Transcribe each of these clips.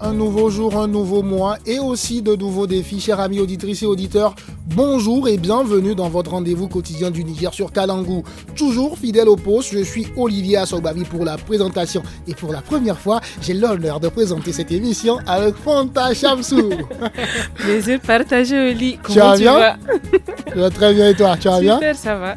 un nouveau jour, un nouveau mois et aussi de nouveaux défis, chers amis auditrices et auditeurs. Bonjour et bienvenue dans votre rendez-vous quotidien du Niger sur Kalangou. Toujours fidèle au poste, je suis Olivia Assobavi pour la présentation. Et pour la première fois, j'ai l'honneur de présenter cette émission avec Fanta Chamsou. Plaisir partagé, Oli. Comment tu vas très bien et toi, tu vas Super, ça va,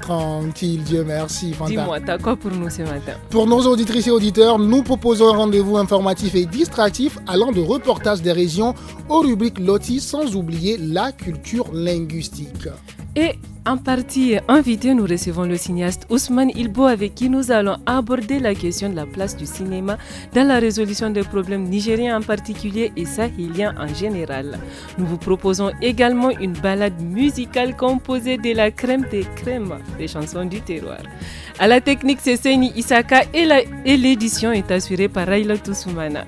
Tranquille, Dieu merci, Fanta. Dis-moi, t'as quoi pour nous ce matin Pour nos auditrices et auditeurs, nous proposons un rendez-vous informatif et distractif allant de reportages des régions aux rubriques lotis sans oublier la culture linguistique. Et en partie invité, nous recevons le cinéaste Ousmane Ilbo avec qui nous allons aborder la question de la place du cinéma dans la résolution des problèmes nigériens en particulier et sahéliens en général. Nous vous proposons également une balade musicale composée de la crème des crèmes, des chansons du terroir. À la technique, c'est Seni Isaka et l'édition est assurée par Railo Toussoumana.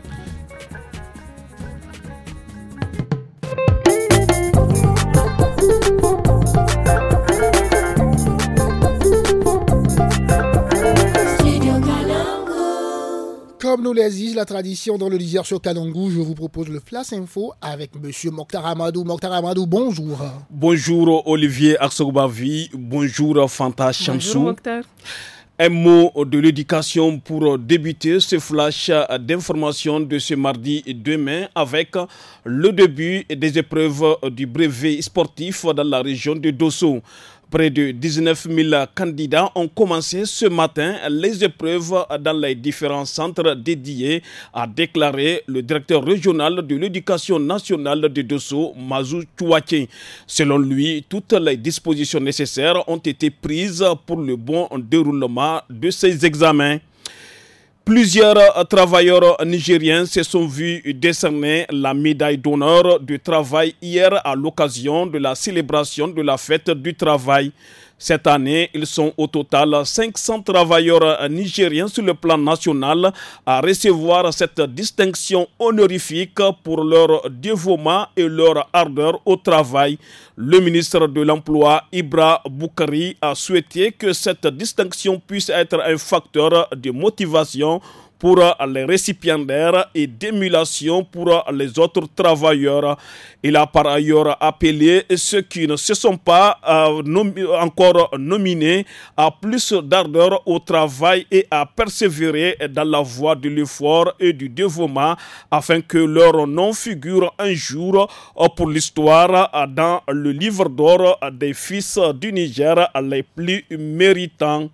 Comme nous l'exige la tradition dans le lisière sur Kanangou, je vous propose le Flash Info avec Monsieur Mokhtar Amadou. Mokhtar Amadou, bonjour. Bonjour Olivier Arsogbavi, bonjour Fanta Chamsou. Bonjour Mokhtar. Un mot de l'éducation pour débuter ce flash d'information de ce mardi et demain avec le début des épreuves du brevet sportif dans la région de Dosso. Près de 19 000 candidats ont commencé ce matin les épreuves dans les différents centres dédiés, a déclaré le directeur régional de l'éducation nationale de dessous Mazou Chouaké. Selon lui, toutes les dispositions nécessaires ont été prises pour le bon déroulement de ces examens. Plusieurs euh, travailleurs euh, nigériens se sont vus décerner la médaille d'honneur du travail hier à l'occasion de la célébration de la fête du travail. Cette année, ils sont au total 500 travailleurs nigériens sur le plan national à recevoir cette distinction honorifique pour leur dévouement et leur ardeur au travail. Le ministre de l'Emploi, Ibra Boukari, a souhaité que cette distinction puisse être un facteur de motivation pour les récipiendaires et d'émulation pour les autres travailleurs. Il a par ailleurs appelé ceux qui ne se sont pas euh, encore nominés à plus d'ardeur au travail et à persévérer dans la voie de l'effort et du dévouement afin que leur nom figure un jour pour l'histoire dans le livre d'or des fils du Niger les plus méritants.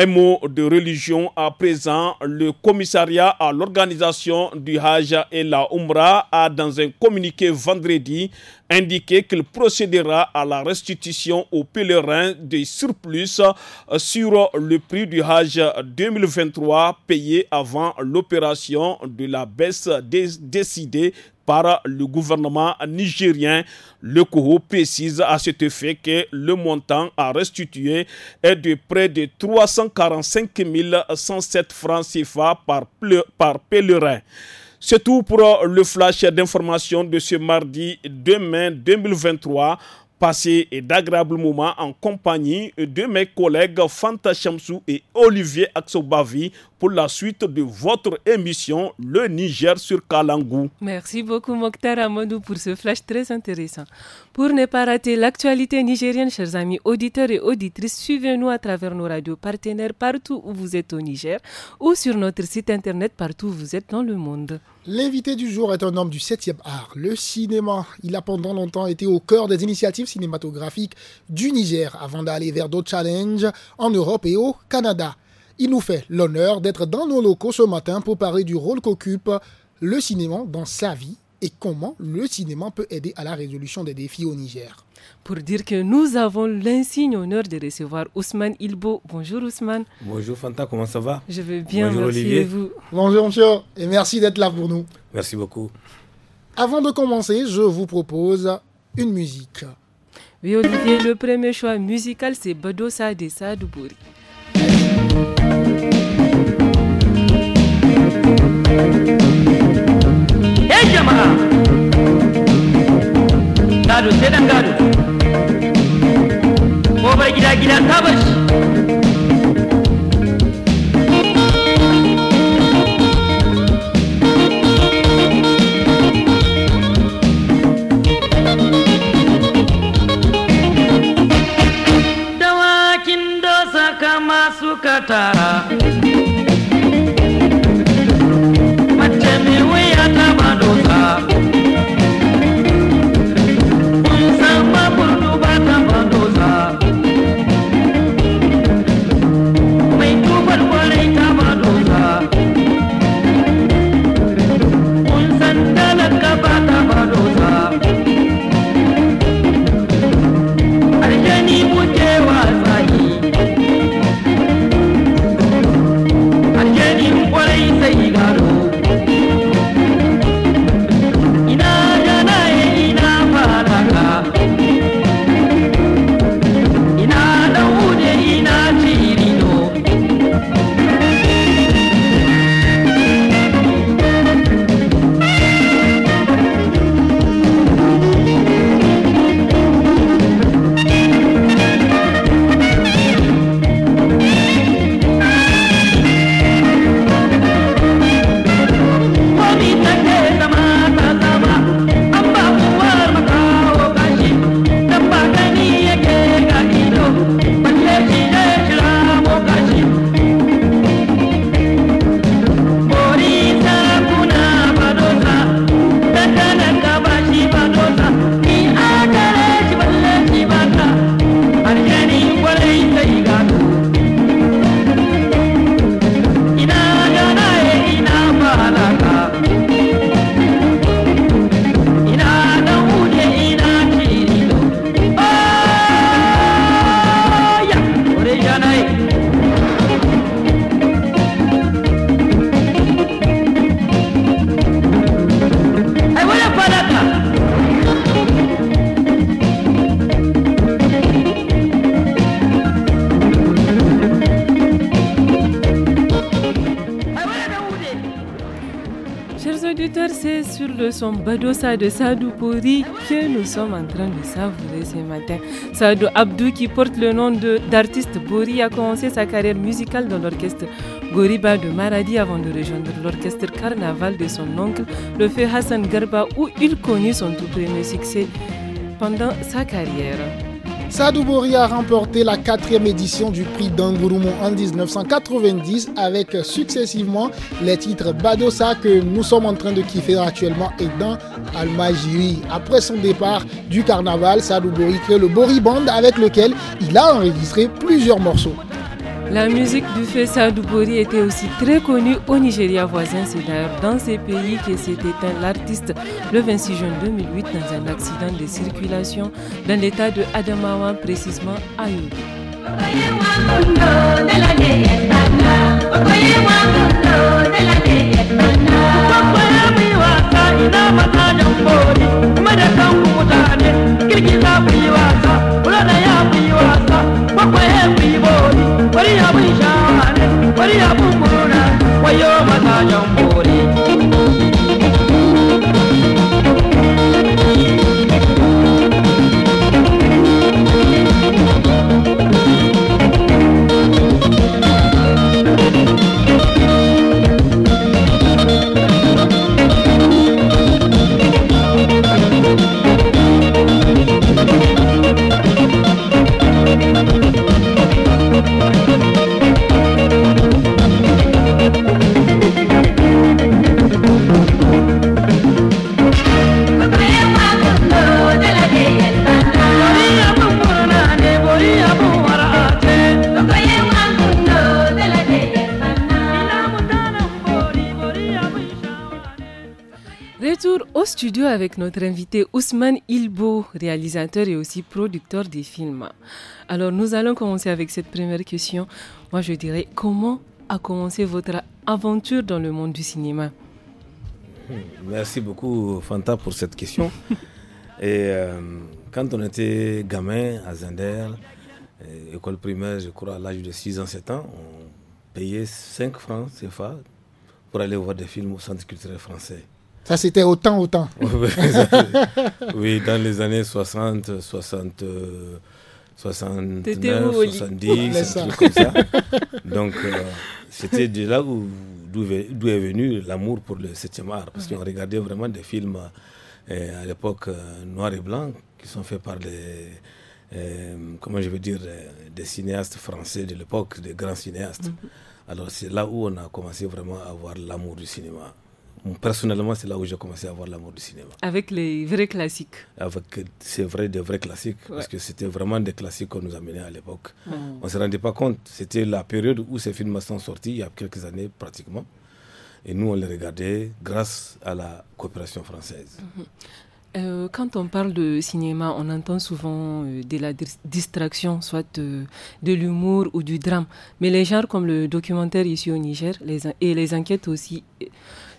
Un mot de religion à présent. Le commissariat à l'organisation du Hajj et la Umrah a, dans un communiqué vendredi, indiqué qu'il procédera à la restitution aux pèlerins des surplus euh, sur le prix du Hajj 2023 payé avant l'opération de la baisse décidée par le gouvernement nigérien. Le COHO précise à cet effet que le montant à restituer est de près de 345 107 francs CFA par pèlerin. C'est tout pour euh, le flash d'information de ce mardi 2 mai 2023. Passez d'agréables moments en compagnie de mes collègues Fanta Chamsou et Olivier Axobavi pour la suite de votre émission Le Niger sur Kalangou. Merci beaucoup Mokhtar Amadou pour ce flash très intéressant. Pour ne pas rater l'actualité nigérienne, chers amis auditeurs et auditrices, suivez-nous à travers nos radios partenaires partout où vous êtes au Niger ou sur notre site internet partout où vous êtes dans le monde. L'invité du jour est un homme du 7e art, le cinéma. Il a pendant longtemps été au cœur des initiatives cinématographiques du Niger avant d'aller vers d'autres challenges en Europe et au Canada. Il nous fait l'honneur d'être dans nos locaux ce matin pour parler du rôle qu'occupe le cinéma dans sa vie et comment le cinéma peut aider à la résolution des défis au Niger. Pour dire que nous avons l'insigne honneur de recevoir Ousmane Ilbo. Bonjour Ousmane. Bonjour Fanta, comment ça va Je vais bien, Bonjour vous. Bonjour monsieur, et merci d'être là pour nous. Merci beaucoup. Avant de commencer, je vous propose une musique. Oui Olivier, le premier choix musical c'est Badossa de Sadoubouri. yan jama'a gado sai dan gado ko gida gida ta bar shi sur le son Badosa de Sadou Bori que nous sommes en train de savourer ce matin. Sadou Abdou, qui porte le nom d'artiste Bori a commencé sa carrière musicale dans l'orchestre Goriba de Maradi avant de rejoindre l'orchestre Carnaval de son oncle, le feu Hassan Garba, où il connut son tout premier succès pendant sa carrière. Sadou Bori a remporté la quatrième édition du prix d'Angurumo en 1990 avec successivement les titres Badosa que nous sommes en train de kiffer actuellement et dans Almagiri. Après son départ du carnaval, Sadou Bori crée le Bori Band avec lequel il a enregistré plusieurs morceaux. La musique du Fessa Dubori était aussi très connue au Nigeria voisin. C'est d'ailleurs dans ces pays que s'est éteint l'artiste le 26 juin 2008 dans un accident de circulation dans l'état de Adamawa, précisément à Yobe. Maria Bumbura, Wayo Matayamburi. avec notre invité Ousmane Ilbo, réalisateur et aussi producteur des films. Alors nous allons commencer avec cette première question. Moi je dirais comment a commencé votre aventure dans le monde du cinéma hmm, Merci beaucoup Fanta pour cette question. et euh, quand on était gamin à Zender, euh, école primaire, je crois à l'âge de 6 ans, 7 ans, on payait 5 francs CFA pour aller voir des films au centre culturel français. Ça, c'était autant, autant. oui, dans les années 60, 60. 69, 70, un truc comme ça. Donc, euh, c'était de là où, d'où est venu l'amour pour le 7e art. Parce qu'on regardait vraiment des films euh, à l'époque euh, noir et blanc qui sont faits par les. comment je veux dire, des cinéastes français de l'époque, des grands cinéastes. Mm-hmm. Alors c'est là où on a commencé vraiment à avoir l'amour du cinéma personnellement, c'est là où j'ai commencé à avoir l'amour du cinéma. Avec les vrais classiques. Avec, c'est vrai, des vrais classiques, parce que c'était vraiment des classiques qu'on nous amenait à l'époque. Ah. On ne se rendait pas compte. C'était la période où ces films sont sortis, il y a quelques années pratiquement. Et nous, on les regardait grâce à la coopération française. Mhm. Euh, quand on parle de cinéma, on entend souvent euh, de la distraction, soit euh, de l'humour ou du drame. Mais les genres comme le documentaire ici au Niger les et les enquêtes aussi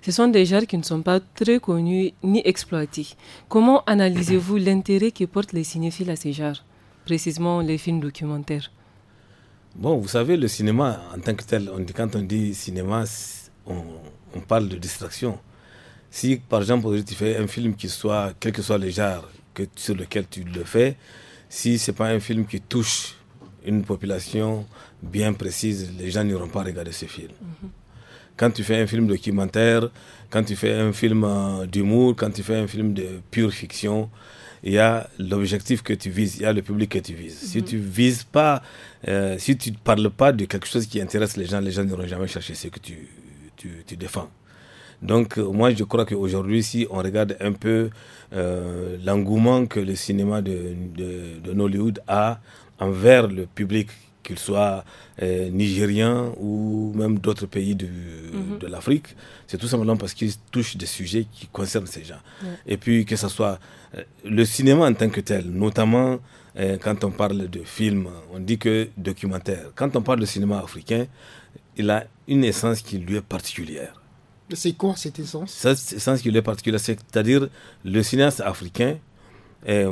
ce sont des genres qui ne sont pas très connus ni exploités. Comment analysez-vous l'intérêt que portent les cinéphiles à ces genres, précisément les films documentaires Bon, vous savez, le cinéma en tant que tel, quand on dit cinéma, on, parle de distraction. Si, par exemple, tu fais un film qui soit, quel que soit le genre que, sur lequel tu le fais, si ce n'est pas un film qui touche une population bien précise, les gens n'iront pas regarder ce film. Mhm. Quand tu fais un film documentaire, quand tu fais un film euh, d'humour, quand tu fais un film de pure fiction, il y a l'objectif que tu vises, il y a le public que tu vises. Si mhm. tu vises pas, euh, si tu ne parles pas de quelque chose qui intéresse les gens, les gens n'auront jamais chercher ce que tu, défends. Donc euh, moi je crois qu'aujourd'hui si on regarde un peu l'engouement que le cinéma de, de Nollywood a envers le public qu'il soit euh, nigérien ou même d'autres pays mhm. de, l'Afrique. C'est tout simplement parce qu'ils touchent des sujets qui concernent ces gens. Et puis que ce soit euh, le cinéma en tant que tel, notamment euh, quand on parle de films, on dit que documentaire. Quand on parle de cinéma africain, il a une essence qui lui est particulière. C'est quoi cette essence Cette essence qui lui est particulière, c'est-à-dire le cinéaste africain.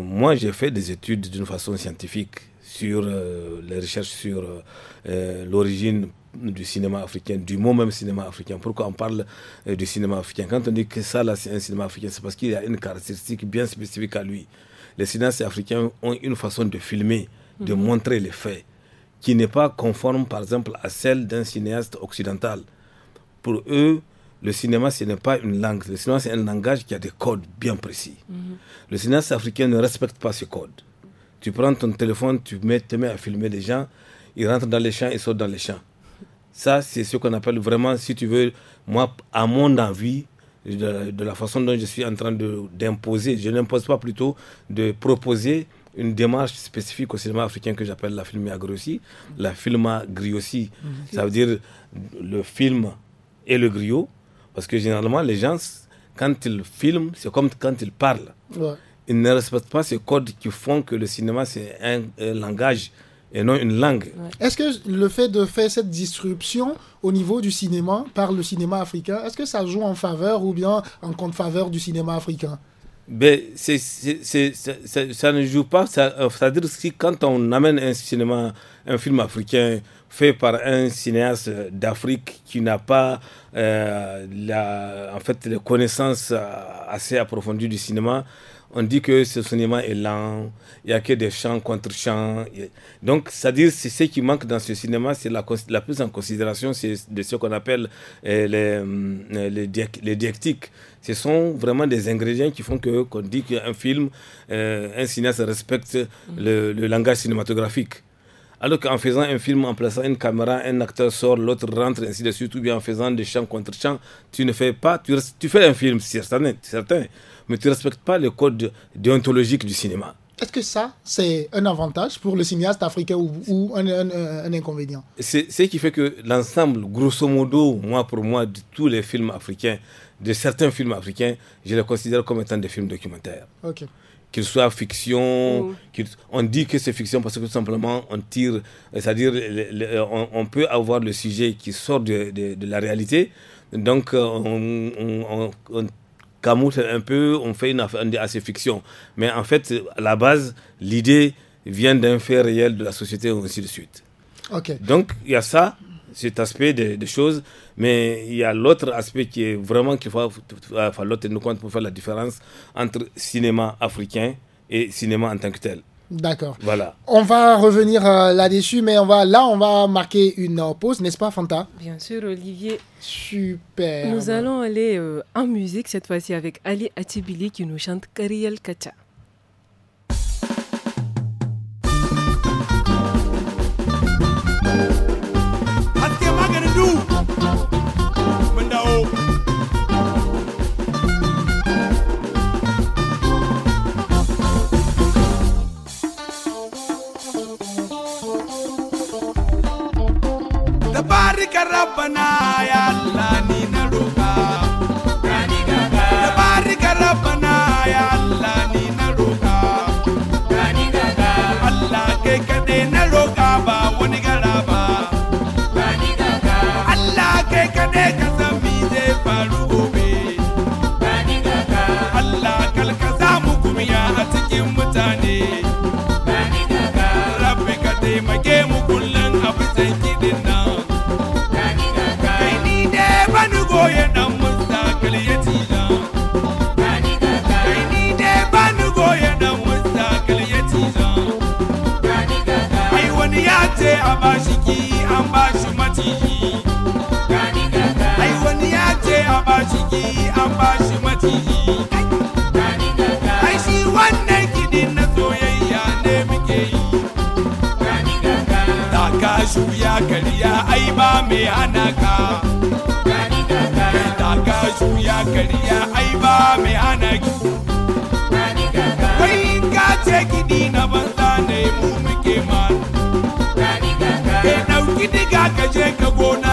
moi, j'ai fait des études d'une façon scientifique sur euh, les recherches sur euh, euh, l'origine du cinéma africain, du mot même cinéma africain. Pourquoi on parle du cinéma africain Quand on dit que ça, là, c'est un cinéma africain, c'est parce qu'il y a une caractéristique bien spécifique à lui. Les cinéastes africains ont une façon de filmer, de mhm. montrer les faits, qui n'est pas conforme, par exemple, à celle d'un cinéaste occidental. Pour eux, le cinéma, ce n'est pas une langue. Le cinéma, c'est un langage qui a des codes bien précis. Mhm. Le cinéaste africain ne respecte pas ces codes. Tu prends ton téléphone, tu mets, te mets à filmer des gens, ils rentrent dans les champs, ils sortent dans les champs. Ça, c'est ce qu'on appelle vraiment, si tu veux, moi, à mon envie, de, la façon dont je suis en train d'imposer, je n'impose pas plutôt, de proposer une démarche spécifique au cinéma africain que j'appelle la filma grossi, la filma mhm. Ça veut dire le film et le griot, parce que généralement, les gens, quand ils filment, c'est comme quand ils parlent ils ne respectent pas ces codes qui font que le cinéma, c'est un, langage et non une langue. Est-ce que le fait de faire cette disruption au niveau du cinéma, par le cinéma africain, est-ce que ça joue en faveur ou bien en contre-faveur du cinéma africain ben, c'est, ça ne joue pas. Euh, c'est-à-dire que quand on amène un cinéma, un film africain fait par un cinéaste d'Afrique qui n'a pas euh, la, en fait, les connaissances euh, assez approfondies du cinéma, on dit que ce cinéma est lent, il n'y a que des chants contre chants. Donc, c'est-à-dire, c'est ce qui manque dans ce cinéma, c'est la, la, prise en considération c'est de ce qu'on appelle euh, les, euh, les, Ce sont vraiment des ingrédients qui font que qu'on dit qu'un film, euh, un cinéaste respecte le, langage cinématographique. Alors qu'en faisant un film, en plaçant une caméra, un acteur sort, l'autre rentre, ainsi de suite, ou bien en faisant des chants contre chants, tu ne fais pas, tu, fais un film, c'est certain, certain mais tu ne respectes pas le code déontologique du cinéma. Est-ce que ça, c'est un avantage pour le cinéaste africain ou, un, un, inconvénient C'est ce qui fait que l'ensemble, grosso modo, moi pour moi, de tous les films africains, de certains films africains, je les considère comme étant des films documentaires. Ok qu'il soit fiction, mmh. on dit que c'est fiction parce que tout simplement on tire, c'est-à-dire on, on, peut avoir le sujet qui sort de, de, la réalité, donc euh, on, on, on camoufle un peu, on fait une affaire assez ah, fiction. Mais en fait, à la base, l'idée vient d'un fait réel de la société, ainsi de suite. Donc, il y a ça, cet aspect des de choses, mais il y a l'autre aspect qui est vraiment qu'il faut, compte pour faire la différence entre cinéma africain et cinéma en tant que tel. D'accord. Voilà. On va revenir euh, là-dessus, mais on va, là, on va marquer une euh, pause, n'est-ce pas, Fanta Bien sûr, Olivier. Super. Nous allons aller euh, en musique cette fois-ci avec Ali Atibili qui nous chante Kariel Kacha. rabbana ya Allah ni na roka tabarika rabbana ya Allah ni na roka Allah kai kaɗai na roka ba wani gara ba Allah kai kaɗai ka san me zai faru gobe Allah kalka samu kuma ya a cikin mutane ya ce a bashi ki an bashi maciji ai wani ya ce a bashi ki an bashi maciji ai shi wannan kidin na soyayya ne muke yi da ka shuya kariya ai ba mai hana ka je ka gona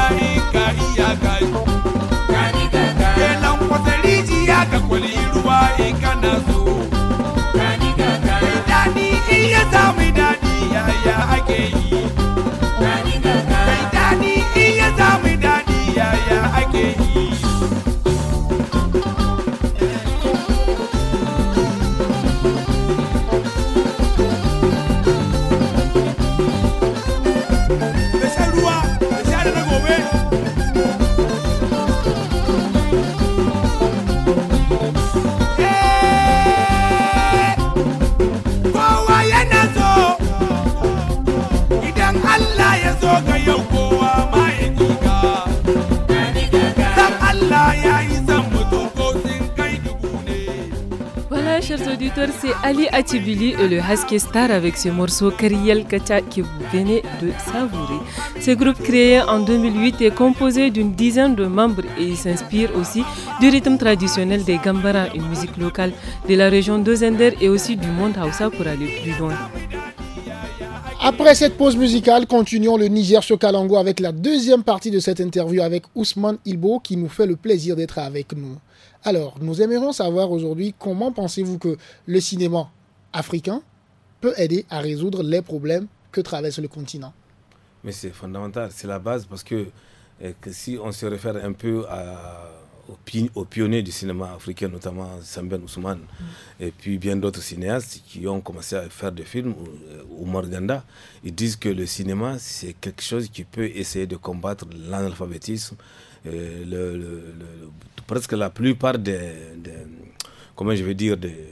c'est Ali Atibili et le Husky Star avec ce morceau Kariel Kacha que vous venez de savourer. Ce groupe créé en 2008 est composé d'une dizaine de membres et il s'inspire aussi du rythme traditionnel des Gambara, une musique locale de la région de Zender et aussi du monde Hausa pour aller plus loin. Après cette pause musicale, continuons le Niger sur Kalango avec la deuxième partie de cette interview avec Ousmane Ilbo qui nous fait le plaisir d'être avec nous. Alors, nous aimerions savoir aujourd'hui comment pensez-vous que le cinéma africain peut aider à résoudre les problèmes que traverse le continent Mais c'est fondamental, c'est la base parce que, eh, que si on se réfère un peu à aux, pionniers du cinéma africain, notamment Samben Ousmane, et puis bien d'autres cinéastes qui ont commencé à faire des films, euh, ou Morganda, ils disent que le cinéma, c'est quelque chose qui peut essayer de combattre l'analphabétisme. Euh, presque la plupart des, comment je vais dire, des,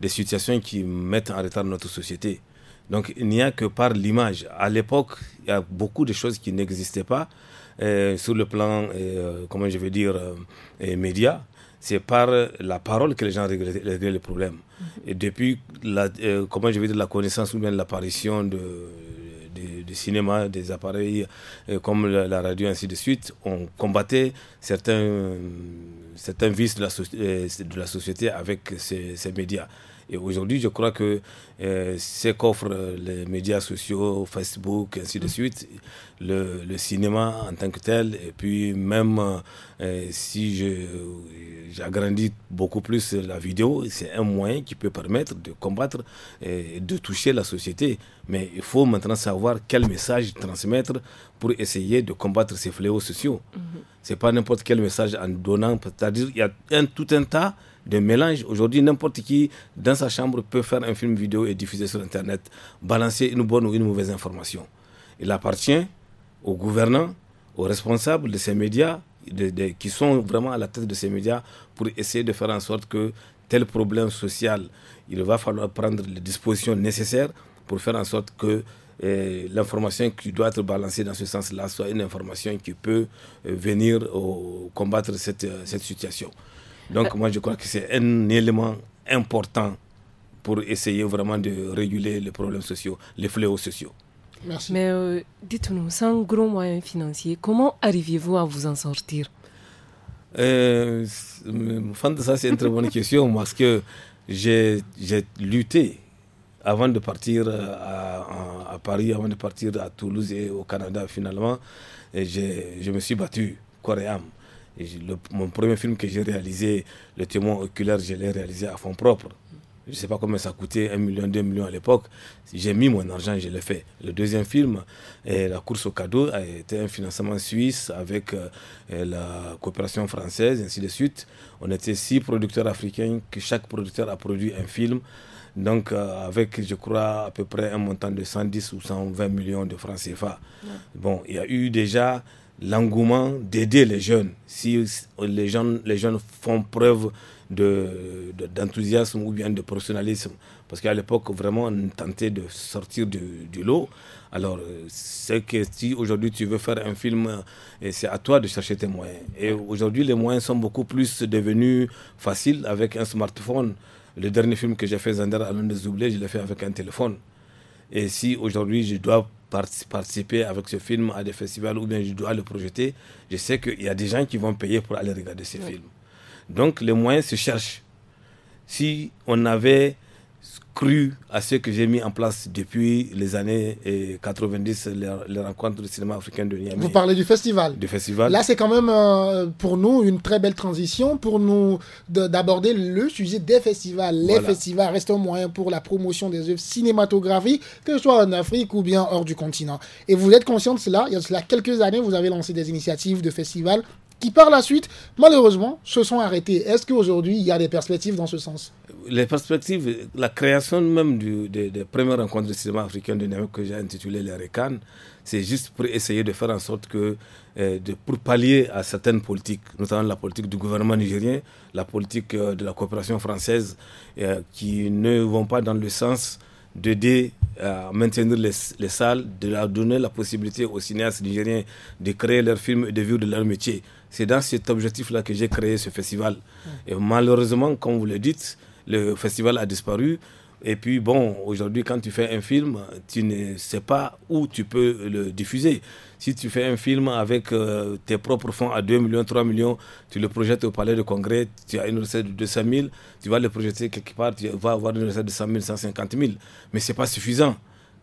des situations qui mettent en retard notre société. Donc il n'y a que par l'image. À l'époque, il y a beaucoup de choses qui n'existaient pas. Euh, sur le plan, euh, comment je veux dire, euh, média, c'est par la parole que les gens réglaient les problèmes. Et depuis la, comment je vais dire, la connaissance ou bien l'apparition de, de, cinéma, des appareils comme la, radio, ainsi de suite, ont combattait certains, certains vices de la, de la société avec ces médias. Et aujourd'hui, je crois que euh, ce qu'offrent euh, les médias sociaux, Facebook, ainsi de mm. suite, le, cinéma en tant que tel, et puis même euh, si j'agrandis beaucoup plus la vidéo, c'est un moyen qui peut permettre de combattre et de toucher la société. Mais il faut maintenant savoir quel message transmettre pour essayer de combattre ces fléaux sociaux. Ce mm-hmm. n'est C'est pas n'importe quel message en donnant, c'est-à-dire il y a un, tout un tas de mélange. Aujourd'hui, n'importe qui dans sa chambre peut faire un film vidéo et diffuser sur Internet, balancer une bonne ou une mauvaise information. Il appartient aux gouvernants, aux responsables de ces médias, qui sont vraiment à la tête de ces médias, pour essayer de faire en sorte que tel problème social, il va falloir prendre les dispositions nécessaires pour faire en sorte que eh, l'information qui doit être balancée dans ce sens-là soit une information qui peut eh, venir combattre cette situation. Donc moi je crois que c'est un élément important pour essayer vraiment de réguler les problèmes sociaux, les fléaux sociaux. Merci. Mais euh, dites-nous, sans gros moyens financiers, comment arrivez-vous à vous en sortir euh, ça c'est une très bonne question parce que j'ai lutté avant de partir euh, à, Paris, avant de partir à Toulouse et au Canada finalement. Et je me suis battu, corps mon premier film que j'ai réalisé, Le témoin oculaire, je l'ai réalisé à fond propre. Je ne sais pas combien ça coûtait, 1 million, 2 millions à l'époque. J'ai mis mon argent, je l'ai fait. Le deuxième film, euh, La course au cadeau, a été un financement suisse avec euh, euh, la coopération française, ainsi de suite. On était six producteurs africains, que chaque producteur a produit un film. Donc, avec, je crois, à peu près un montant de 110 ou 120 millions de francs CFA. Bon, il y a eu déjà l'engouement d'aider les jeunes. Si les jeunes, les jeunes font preuve d'enthousiasme de, d'enthousiasme ou bien de professionnalisme, parce qu'à l'époque, vraiment, on tentait de sortir du, lot. Alors, euh, c'est que si aujourd'hui tu veux faire un film, euh, c'est à toi de chercher tes moyens. Et aujourd'hui, les moyens sont beaucoup plus devenus faciles avec un smartphone. Le dernier film que j'ai fait, Zander à l'un des je l'ai fait avec un téléphone. Et si aujourd'hui je dois participer avec ce film à des festivals ou bien je dois le projeter, je sais qu'il y a des gens qui vont payer pour aller regarder ce film. Donc les moyens se cherchent. Si on avait cru à ce que j'ai mis en place depuis les années 90, eh, les, rencontres du cinéma africain de Niamey. Vous parlez du festival. Du festival. Là, c'est quand même euh, pour nous une très belle transition pour nous d'aborder le sujet des festivals. Les festivals restent un moyen pour la promotion des œuvres cinématographiques, que ce soit en Afrique ou bien hors du continent. Et vous êtes conscient de cela. Il y a quelques années, vous avez lancé des initiatives de festivals qui par la suite, malheureusement, se sont arrêtés. Est-ce qu'aujourd'hui, il y a des perspectives dans ce sens Les perspectives, la création même des, premières rencontres de cinéma africain de Néo que j'ai intitulé les RECAN, c'est juste pour essayer de faire en sorte que, euh, de, pour pallier à certaines politiques, notamment la politique du gouvernement nigérien, la politique euh, de la coopération française, euh, qui ne vont pas dans le sens d'aider à maintenir les, les, salles, de leur donner la possibilité aux cinéastes nigériens de créer leurs films et de vivre de leur métier. C'est dans cet objectif-là que j'ai créé ce festival. Et malheureusement, comme vous le dites, le festival a disparu. Et puis bon, aujourd'hui, quand tu fais un film, tu ne sais pas où tu peux le diffuser. Si tu fais un film avec euh, tes propres fonds à 2 millions, 3 millions, tu le projettes au palais de congrès, tu as une recette de 200 000, tu vas le projeter quelque part, tu vas avoir une recette de 100 000, 150 000. Mais ce n'est pas suffisant.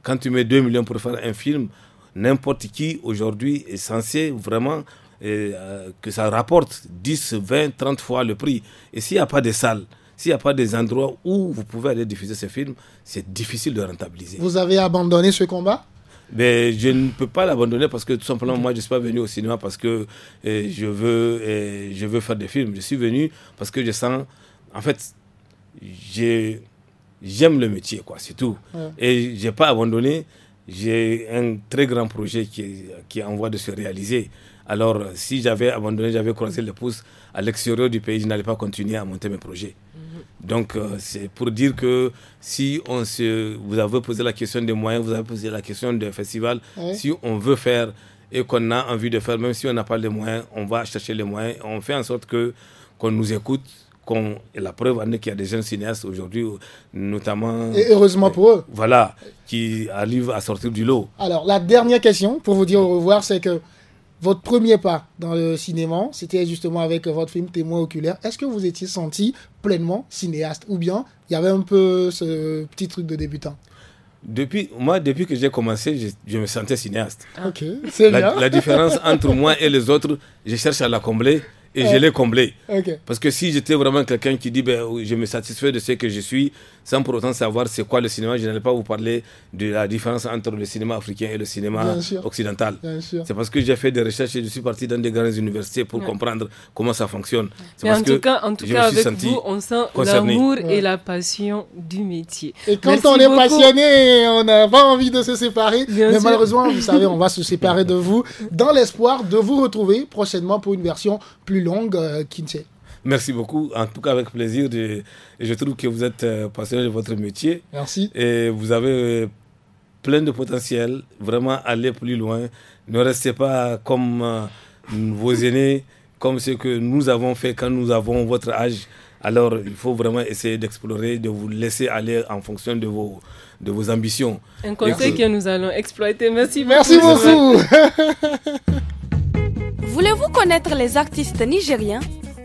Quand tu mets 2 millions pour faire un film, n'importe qui aujourd'hui est censé vraiment euh, que ça rapporte 10, 20, 30 fois le prix. Et s'il n'y a pas de salles, s'il n'y a pas des endroits où vous pouvez aller diffuser ces films, c'est difficile de rentabiliser. Vous avez abandonné ce combat mais je ne peux pas l'abandonner parce que tout simplement, moi, je ne suis pas venu au cinéma parce que euh, je, veux, euh, je veux faire des films. Je suis venu parce que je sens. En fait, j'aime le métier, quoi, c'est tout. Et je n'ai pas abandonné. J'ai un très grand projet qui, qui est en voie de se réaliser. Alors, si j'avais abandonné, j'avais croisé le pouce à l'extérieur du pays, je n'allais pas continuer à monter mes projets. Mhm. Donc, euh, c'est pour dire que si on se, vous avez posé la question des moyens, vous avez posé la question des festival, si on veut faire et qu'on a envie de faire, même si on n'a pas les moyens, on va chercher les moyens, on fait en sorte que qu'on nous écoute, qu'on la preuve en est qu'il y a des jeunes cinéastes aujourd'hui, notamment. Et heureusement pour eux. Voilà, qui arrivent à sortir du lot. Alors, la dernière question pour vous dire au revoir, c'est que votre premier pas dans le cinéma, c'était justement avec votre film Témoin oculaire. Est-ce que vous étiez senti pleinement cinéaste ou bien il y avait un peu ce petit truc de débutant depuis, moi, depuis que j'ai commencé, je, me sentais cinéaste. Ah. Ok, c'est La différence entre moi et les autres, je cherche à la combler et je l'ai comblée. Parce que si j'étais vraiment quelqu'un qui dit, ben, je me satisfais de ce que je suis, sans pour autant savoir c'est quoi le cinéma. Je n'allais pas vous parler de la différence entre le cinéma africain et le cinéma occidental. C'est parce que j'ai fait des recherches et je suis parti dans des grandes universités pour comprendre comment ça fonctionne. Mais en, tout cas, en tout cas, avec vous, on sent l'amour et la passion du métier. Et quand on est passionné, on n'a pas envie de se séparer. mais malheureusement, vous savez, on va se séparer de vous dans l'espoir de vous retrouver prochainement pour une version plus longue, euh, qui Merci beaucoup. En tout cas, avec plaisir. Je, je trouve que vous êtes euh, passionné de votre métier. Merci. Et vous avez euh, plein de potentiel. Vraiment, allez plus loin. Ne restez pas comme euh, vos aînés, comme ce que nous avons fait quand nous avons votre âge. Alors, il faut vraiment essayer d'explorer, de vous laisser aller en fonction de vos, de vos ambitions. Un conseil que... que nous allons exploiter. Merci beaucoup. Merci beaucoup. Voulez-vous connaître les artistes nigériens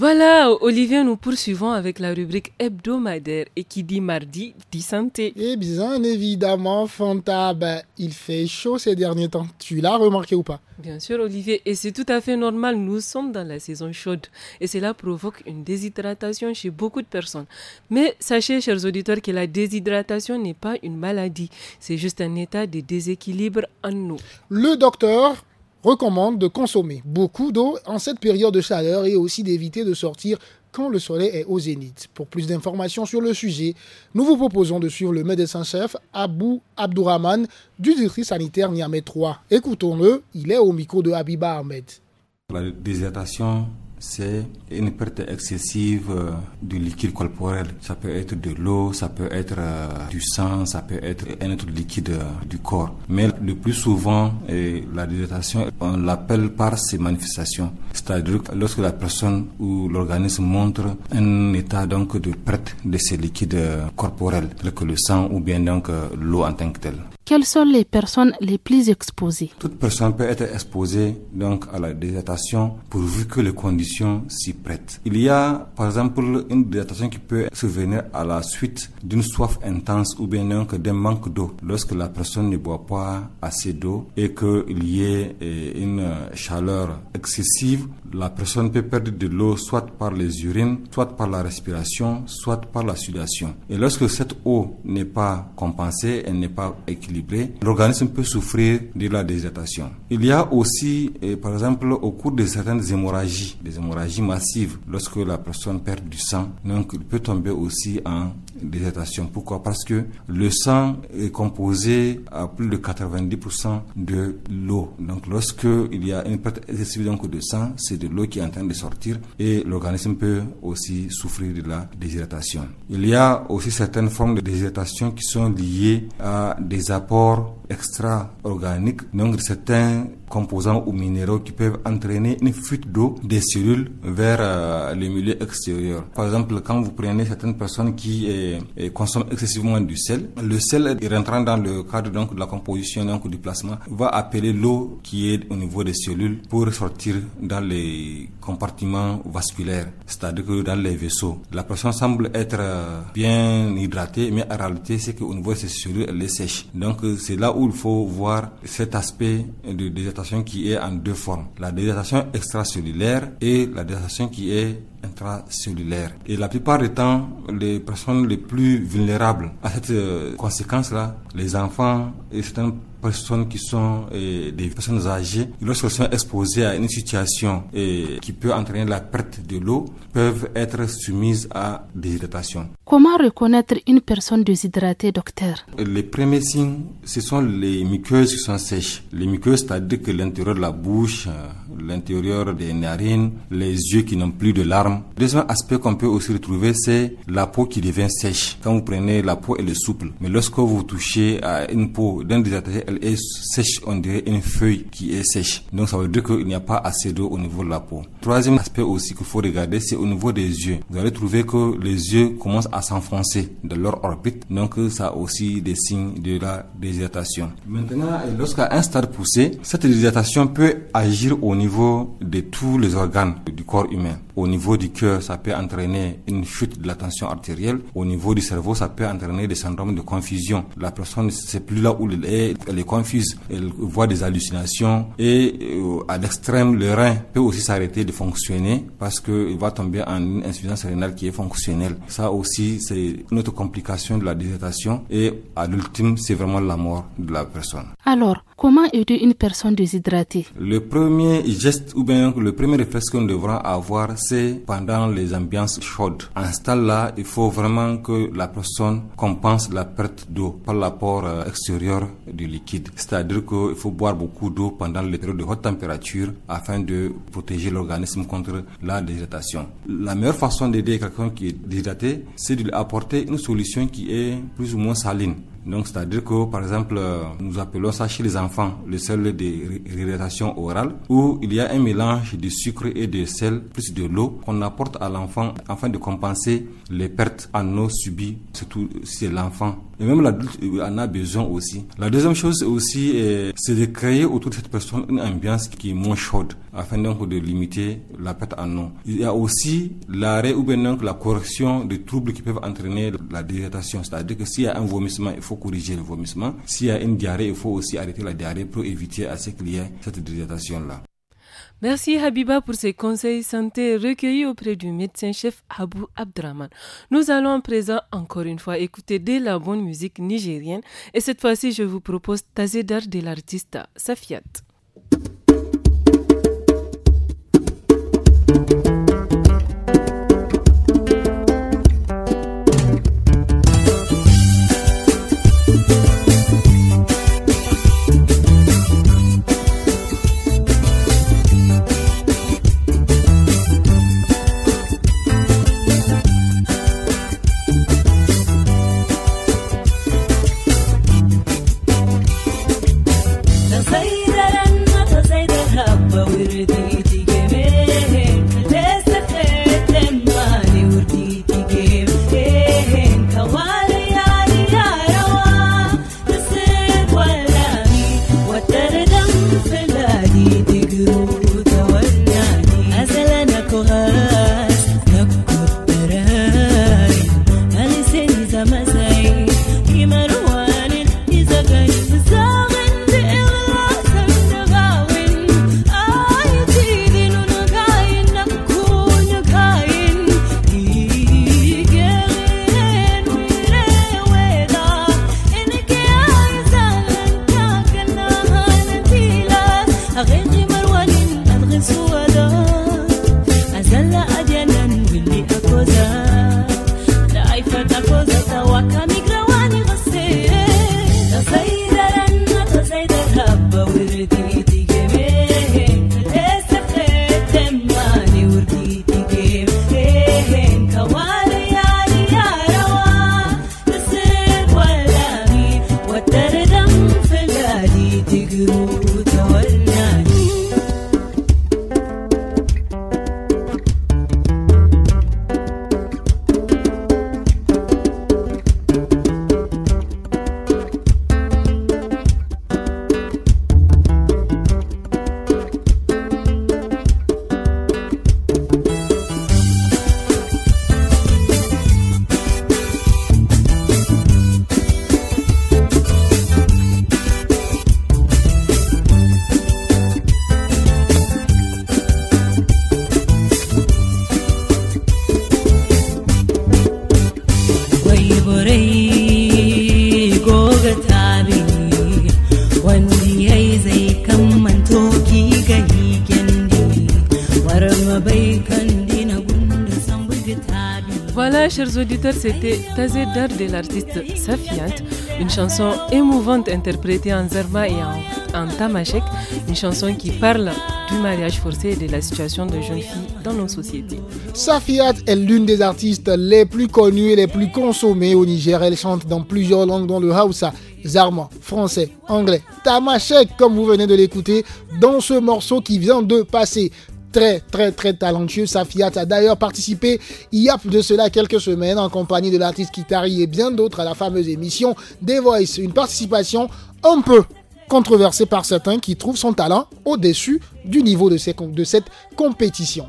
Voilà, Olivier, nous poursuivons avec la rubrique hebdomadaire et qui dit mardi, dit santé. Et eh bien évidemment, Fanta, il fait chaud ces derniers temps. Tu l'as remarqué ou pas Bien sûr, Olivier, et c'est tout à fait normal. Nous sommes dans la saison chaude et cela provoque une déshydratation chez beaucoup de personnes. Mais sachez, chers auditeurs, que la déshydratation n'est pas une maladie, c'est juste un état de déséquilibre en nous. Le docteur recommande de consommer beaucoup d'eau en cette période de chaleur et aussi d'éviter de sortir quand le soleil est au zénith. Pour plus d'informations sur le sujet, nous vous proposons de suivre le médecin-chef Abou Abdourahman du district sanitaire Niamey 3. Écoutons-le, il est au micro de Habiba Ahmed. La désertation c'est une perte excessive euh, du liquide corporel. Ça peut être de l'eau, ça peut être euh, du sang, ça peut être un autre liquide euh, du corps. Mais le plus souvent, la déshydratation, on l'appelle par ses manifestations. C'est-à-dire lorsque la personne ou l'organisme montre un état donc de perte de ces liquides corporels, tels que le sang ou bien donc l'eau en tant que telle quelles sont les personnes les plus exposées Toute personne peut être exposée donc à la déshydratation pourvu que les conditions s'y prêtent. Il y a par exemple une déshydratation qui peut survenir à la suite d'une soif intense ou bien d'un manque d'eau lorsque la personne ne boit pas assez d'eau et qu'il y ait eh, une chaleur excessive la personne peut perdre de l'eau soit par les urines, soit par la respiration, soit par la sudation. Et lorsque cette eau n'est pas compensée, elle n'est pas équilibrée, l'organisme peut souffrir de la déshydratation. Il y a aussi, eh, par exemple, au cours de certaines hémorragies, des hémorragies massives, lorsque la personne perd du sang, donc il peut tomber aussi en désertation. Pourquoi Parce que le sang est composé à plus de 90% de l'eau. Donc lorsque il y a une perte excessive donc de sang, c'est de l'eau qui est en train de sortir et l'organisme peut aussi souffrir de la déshydratation. Il y a aussi certaines formes de déshydratation qui sont liées à des apports extra-organiques, donc certains composants ou minéraux qui peuvent entraîner une fuite d'eau des cellules vers euh, le les milieux extérieurs. Par exemple, quand vous prenez certaines personnes qui euh, euh, consomment excessivement du sel, le sel rentrant dans le cadre donc, de la composition donc, du placement va appeler l'eau qui est au niveau des cellules pour sortir dans les compartiments vasculaires, c'est-à-dire que dans les vaisseaux. La personne semble être bien hydratée, mais en réalité, c'est qu'au niveau de ces cellules, elle est sèche. Donc, c'est là il faut voir cet aspect de désertation qui est en deux formes. La désertation extracellulaire et la désertation qui est intracellulaire. Et la plupart du temps, les personnes les plus vulnérables à cette euh, conséquence-là, les enfants et certaines personnes qui sont des personnes âgées, lorsqu'elles sont exposées à une situation qui peut entraîner la perte de l'eau, peuvent être soumises à déshydratation. Comment reconnaître une personne déshydratée, docteur Les premiers signes, ce sont les muqueuses qui sont sèches. Les muqueuses, c'est-à-dire que l'intérieur de la bouche, euh, l'intérieur des narines, les yeux qui n'ont plus de larmes, Deuxième aspect qu'on peut aussi retrouver, c'est la peau qui devient sèche. Quand vous prenez la peau, elle est souple. Mais lorsque vous touchez à une peau d'un désert, elle est sèche, on dirait une feuille qui est sèche. Donc ça veut dire qu'il n'y a pas assez d'eau au niveau de la peau. Troisième aspect aussi qu'il faut regarder, c'est au niveau des yeux. Vous allez trouver que les yeux commencent à s'enfoncer dans leur orbite. Donc ça a aussi des signes de la désertation. Maintenant, lorsqu'à un stade poussé, cette désertation peut agir au niveau de tous les organes du corps humain au niveau du cœur, ça peut entraîner une chute de la tension artérielle. Au niveau du cerveau, ça peut entraîner des syndromes de confusion. La personne ne sait plus là où elle est, elle est confuse, elle voit des hallucinations et euh, à l'extrême, le rein peut aussi s'arrêter de fonctionner parce qu'il va tomber en une insuffisance rénale qui est fonctionnelle. Ça aussi, c'est une autre complication de la déshydratation et à l'ultime, c'est vraiment la mort de la personne. Alors, Comment aider une personne déshydratée Le premier geste ou bien le premier réflexe qu'on devra avoir, c'est pendant les ambiances chaudes. En ce temps-là, il faut vraiment que la personne compense la perte d'eau par l'apport euh, extérieur du liquide. C'est-à-dire qu'il faut boire beaucoup d'eau pendant les périodes de haute température afin de protéger l'organisme contre la déshydratation. La meilleure façon d'aider quelqu'un qui est déshydraté, c'est de lui apporter une solution qui est plus ou moins saline. Donc, c'est-à-dire que, par exemple, euh, nous appelons ça chez les enfants le sel de réhydratation orale, où il y a un mélange de sucre et de sel, plus de l'eau, qu'on apporte à l'enfant afin de compenser les pertes en eau subies, surtout si l'enfant. Et même l'adulte euh, en a besoin aussi. La deuxième chose aussi, euh, c'est de créer autour de cette personne une ambiance qui est moins chaude, afin donc de limiter la perte en eau. Il y a aussi l'arrêt ou bien donc la correction des troubles qui peuvent entraîner la déshydratation, c'est-à-dire que s'il y a un vomissement, faut corriger le vomissement. S'il y a une diarrhée, il faut aussi arrêter la diarrhée pour éviter à ce qu'il cette déshydratation-là. Merci Habiba pour ces conseils santé recueillis auprès du médecin-chef Abou Abdraman. Nous allons en présent encore une fois écouter de la bonne musique nigérienne et cette fois-ci je vous propose Tazedar de l'artiste Safiat. auditeurs, c'était Tazedar de l'artiste Safiat, une chanson émouvante interprétée en Zarma et en, en Tamashek, une chanson qui parle du mariage forcé et de la situation de jeunes filles dans nos sociétés. Safiat est l'une des artistes les plus connues et les plus consommées au Niger. Elle chante dans plusieurs langues, dont le Hausa, Zarma, français, anglais, Tamashek, comme vous venez de l'écouter, dans ce morceau qui vient de passer très très très talentueux. Safiat a d'ailleurs participé il y a plus de cela quelques semaines en compagnie de l'artiste Kitari et bien d'autres à la fameuse émission des Voice. Une participation un peu controversée par certains qui trouvent son talent au-dessus du niveau de cette compétition.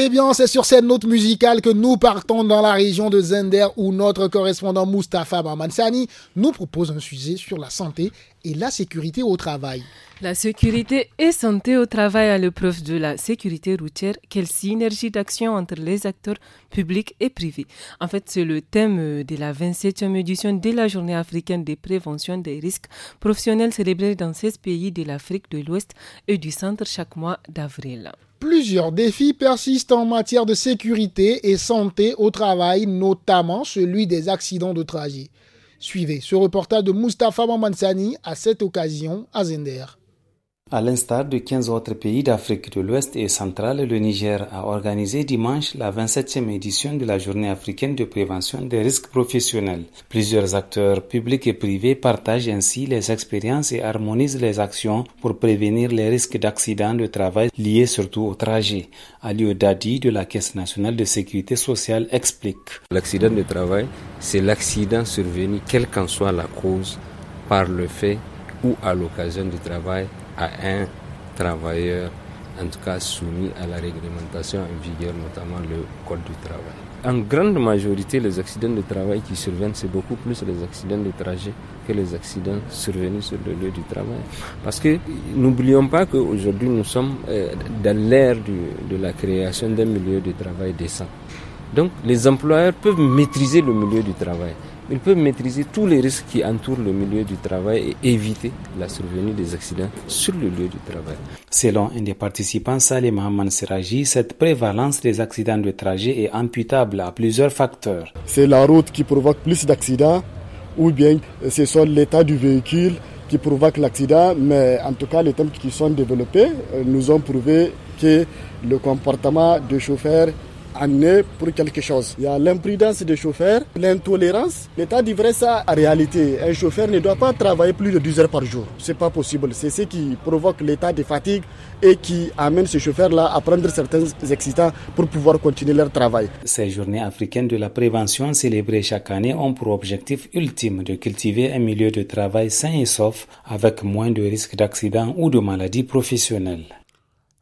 Eh bien, c'est sur cette note musicale que nous partons dans la région de Zender où notre correspondant Mustapha Bamansani nous propose un sujet sur la santé et la sécurité au travail. La sécurité et santé au travail à l'épreuve de la sécurité routière, quelle synergie d'action entre les acteurs publics et privés. En fait, c'est le thème de la 27e édition de la Journée africaine de prévention des risques professionnels célébrée dans 16 pays de l'Afrique de l'Ouest et du Centre chaque mois d'avril. Plusieurs défis persistent en matière de sécurité et santé au travail, notamment celui des accidents de trajet. Suivez ce reportage de Mustafa Mamansani à cette occasion à Zender. À l'instar de 15 autres pays d'Afrique de l'Ouest et centrale, le Niger a organisé dimanche la 27e édition de la Journée africaine de prévention des risques professionnels. Plusieurs acteurs publics et privés partagent ainsi les expériences et harmonisent les actions pour prévenir les risques d'accidents de travail liés surtout au trajet. Aliou Dadi de la Caisse nationale de sécurité sociale explique. L'accident de travail, c'est l'accident survenu, quelle qu'en soit la cause, par le fait ou à l'occasion du travail à un travailleur, en tout cas soumis à la réglementation en vigueur, notamment le Code du travail. En grande majorité, les accidents de travail qui surviennent, c'est beaucoup plus les accidents de trajet que les accidents survenus sur le lieu du travail. Parce que n'oublions pas qu'aujourd'hui, nous sommes euh, dans l'ère de la création d'un milieu de travail décent. Donc, les employeurs peuvent maîtriser le milieu du travail ils peuvent maîtriser tous les risques qui entourent le milieu du travail et éviter la survenue des accidents sur le lieu du travail. Selon un des participants, Salim Mohamed cette prévalence des accidents de trajet est imputable à plusieurs facteurs. C'est la route qui provoque plus d'accidents ou bien c'est sont l'état du véhicule qui provoque l'accident, mais en tout cas les thèmes qui sont développés euh, nous ont prouvé que le comportement des chauffeurs amener pour quelque chose. Il y a l'imprudence des chauffeurs, l'intolérance. L'état d'ivresse, en réalité, un chauffeur ne doit pas travailler plus de 12 heures par jour. C'est pas possible. C'est ce qui provoque l'état de fatigue et qui amène ces chauffeurs-là à prendre certains excitants pour pouvoir continuer leur travail. Ces journées africaines de la prévention célébrées chaque année ont pour objectif ultime de cultiver un milieu de travail sain et sauf avec moins de risques d'accidents ou de maladies professionnelles.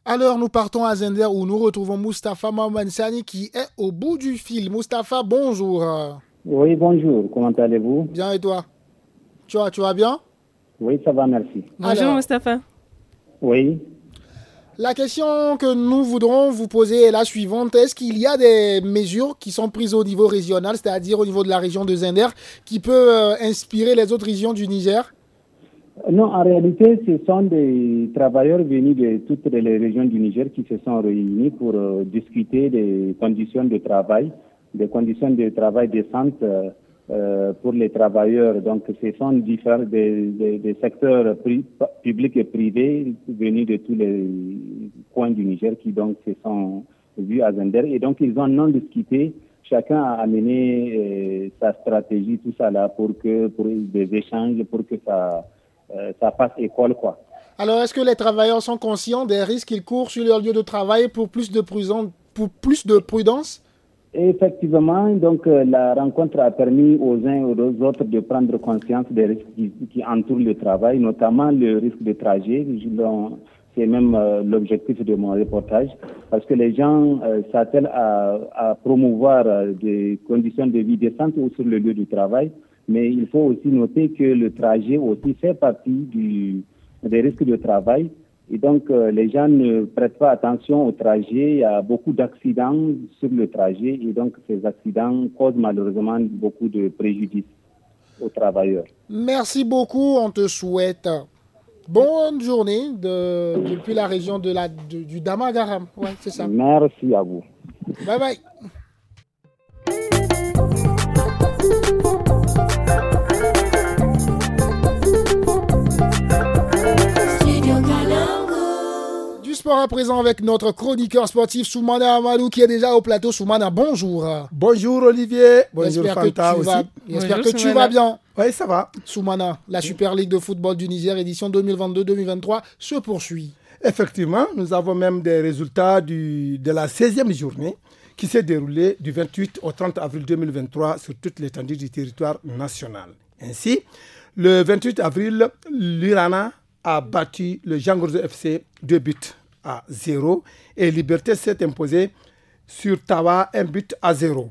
Alors nous partons à Zender où nous retrouvons Mustapha Mamansani qui est au bout du fil. Mustapha, bonjour. Oui, bonjour. Comment allez-vous Bien et toi tu vas, tu vas bien Oui, ça va, merci. Bonjour Oui. La question que nous voudrons vous poser est la suivante. Est-ce qu'il y a des mesures qui sont prises au niveau régional, c'est-à-dire au niveau de la région de Zender, qui peut euh, inspirer les autres régions du Niger non, en réalité, ce sont des travailleurs venus de toutes les régions du Niger qui se sont réunis pour euh, discuter des conditions de travail, des conditions de travail décentes euh, euh, pour les travailleurs. Donc, ce sont différents des, secteurs publics et privés venus de tous les coins du Niger qui donc se sont vus à Zender. Et donc, ils ont non discuté chacun a amené sa stratégie, tout ça là, pour que pour des échanges, pour que ça euh, ça passe école, quoi. Alors, est-ce que les travailleurs sont conscients des risques qu'ils courent sur leur lieu de travail pour plus de, prudence, Effectivement, donc euh, la rencontre a permis aux uns et aux autres de prendre conscience des risques qui, entourent le travail, notamment le risque de trajet. C'est même euh, l'objectif de mon reportage, parce que les gens s'attellent à, promouvoir des conditions de vie décentes sur le lieu du travail, mais il faut aussi noter que le trajet aussi fait partie du, des risques de travail. Et donc, euh, les gens ne prêtent pas attention au trajet. Il y a beaucoup d'accidents sur le trajet. Et donc, ces accidents causent malheureusement beaucoup de préjudice aux travailleurs. Merci beaucoup. On te souhaite bonne journée depuis la région de la, du Damagaram. ça. Merci à vous. Bye bye. à présent avec notre chroniqueur sportif Soumana Amalou qui est déjà au plateau. Soumana, bonjour. Bonjour Olivier. Bonjour Fanta aussi. J'espère que tu vas bien. Oui, ça va. Soumana, la Super Ligue de football du Niger édition 2022-2023 se poursuit. Effectivement, nous avons même des résultats du, de la 16e journée qui s'est déroulée du 28 au 30 avril 2023 sur toute l'étendue du territoire national. Ainsi, le 28 avril, l'Irana a battu le Jangorzo FC deux buts à 0 et Liberté s'est imposée sur Tawa un but à 0.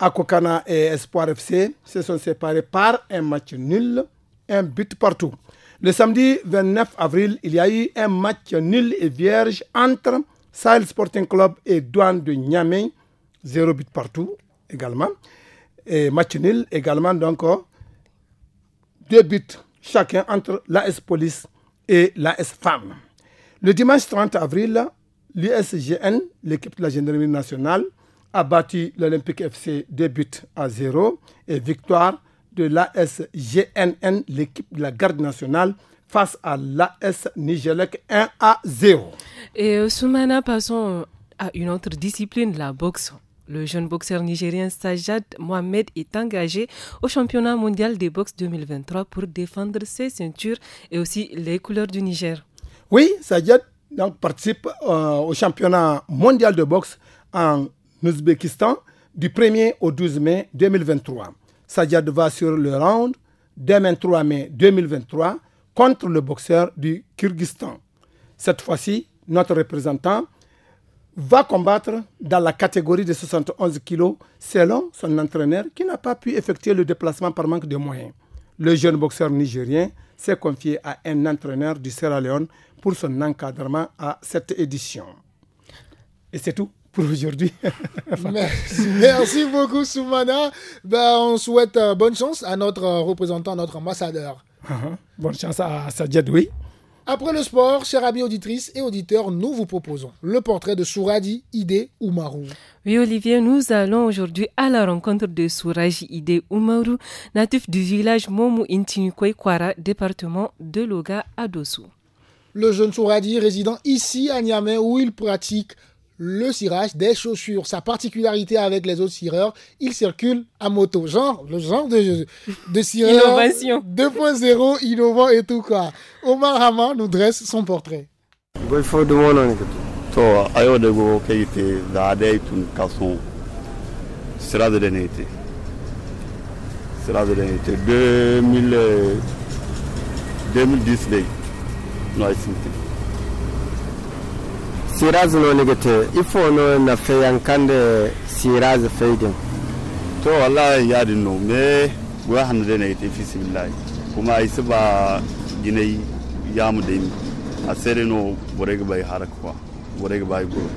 Akokana et Espoir FC se sont séparés par un match nul, un but partout. Le samedi 29 avril, il y a eu un match nul et vierge entre Sahel Sporting Club et Douane de Niamey, 0 but partout également. Et match nul également, donc oh, deux buts chacun entre l'AS Police et l'AS Femmes. Le dimanche 30 avril, l'USGN, l'équipe de la gendarmerie nationale, a battu l'Olympique FC 2 buts à 0 et victoire de l'ASGNN, l'équipe de la garde nationale, face à l'AS Nigelec 1 à 0. Et euh, Soumana, passons euh, à une autre discipline, la boxe. Le jeune boxeur nigérien Sajad Mohamed est engagé au championnat mondial de boxe 2023 pour défendre ses ceintures et aussi les couleurs du Niger. Oui, Sajjad participe euh, au championnat mondial de boxe en Ouzbékistan du 1er au 12 mai 2023. Sajad va sur le round dès 23 mai 2023 contre le boxeur du Kyrgyzstan. Cette fois-ci, notre représentant va combattre dans la catégorie de 71 kg selon son entraîneur qui n'a pas pu effectuer le déplacement par manque de moyens. Le jeune boxeur nigérien s'est confié à un entraîneur du Sierra Leone pour son encadrement à cette édition. Et c'est tout pour aujourd'hui. merci, beaucoup, Soumana. Ben, on souhaite euh, bonne chance à notre euh, représentant, notre ambassadeur. Uh-huh. Bonne chance à Sadia Après le sport, chers amis auditrices et auditeurs, nous vous proposons le portrait de Souradi Idé Oumarou. Oui, Olivier, nous allons aujourd'hui à la rencontre de Souraji Ide Oumarou, natif du village Momu Intinu Kwara, département de Loga à le jeune Souradi, résident ici à Niamey, où il pratique le cirage des chaussures. Sa particularité avec les autres cireurs, il circule à moto. Genre, le genre de, de 2.0, innovant et tout quoi. Omar Haman nous dresse son portrait. C'est 2010. noismiti siraz ifo no na feyankande siraz feidin to wallahi din no me wa hannu ne nagate fi sibillahi kuma isi ba ginai ya mu dai a sere no bore ga bai haraka kwa bore ga bai goro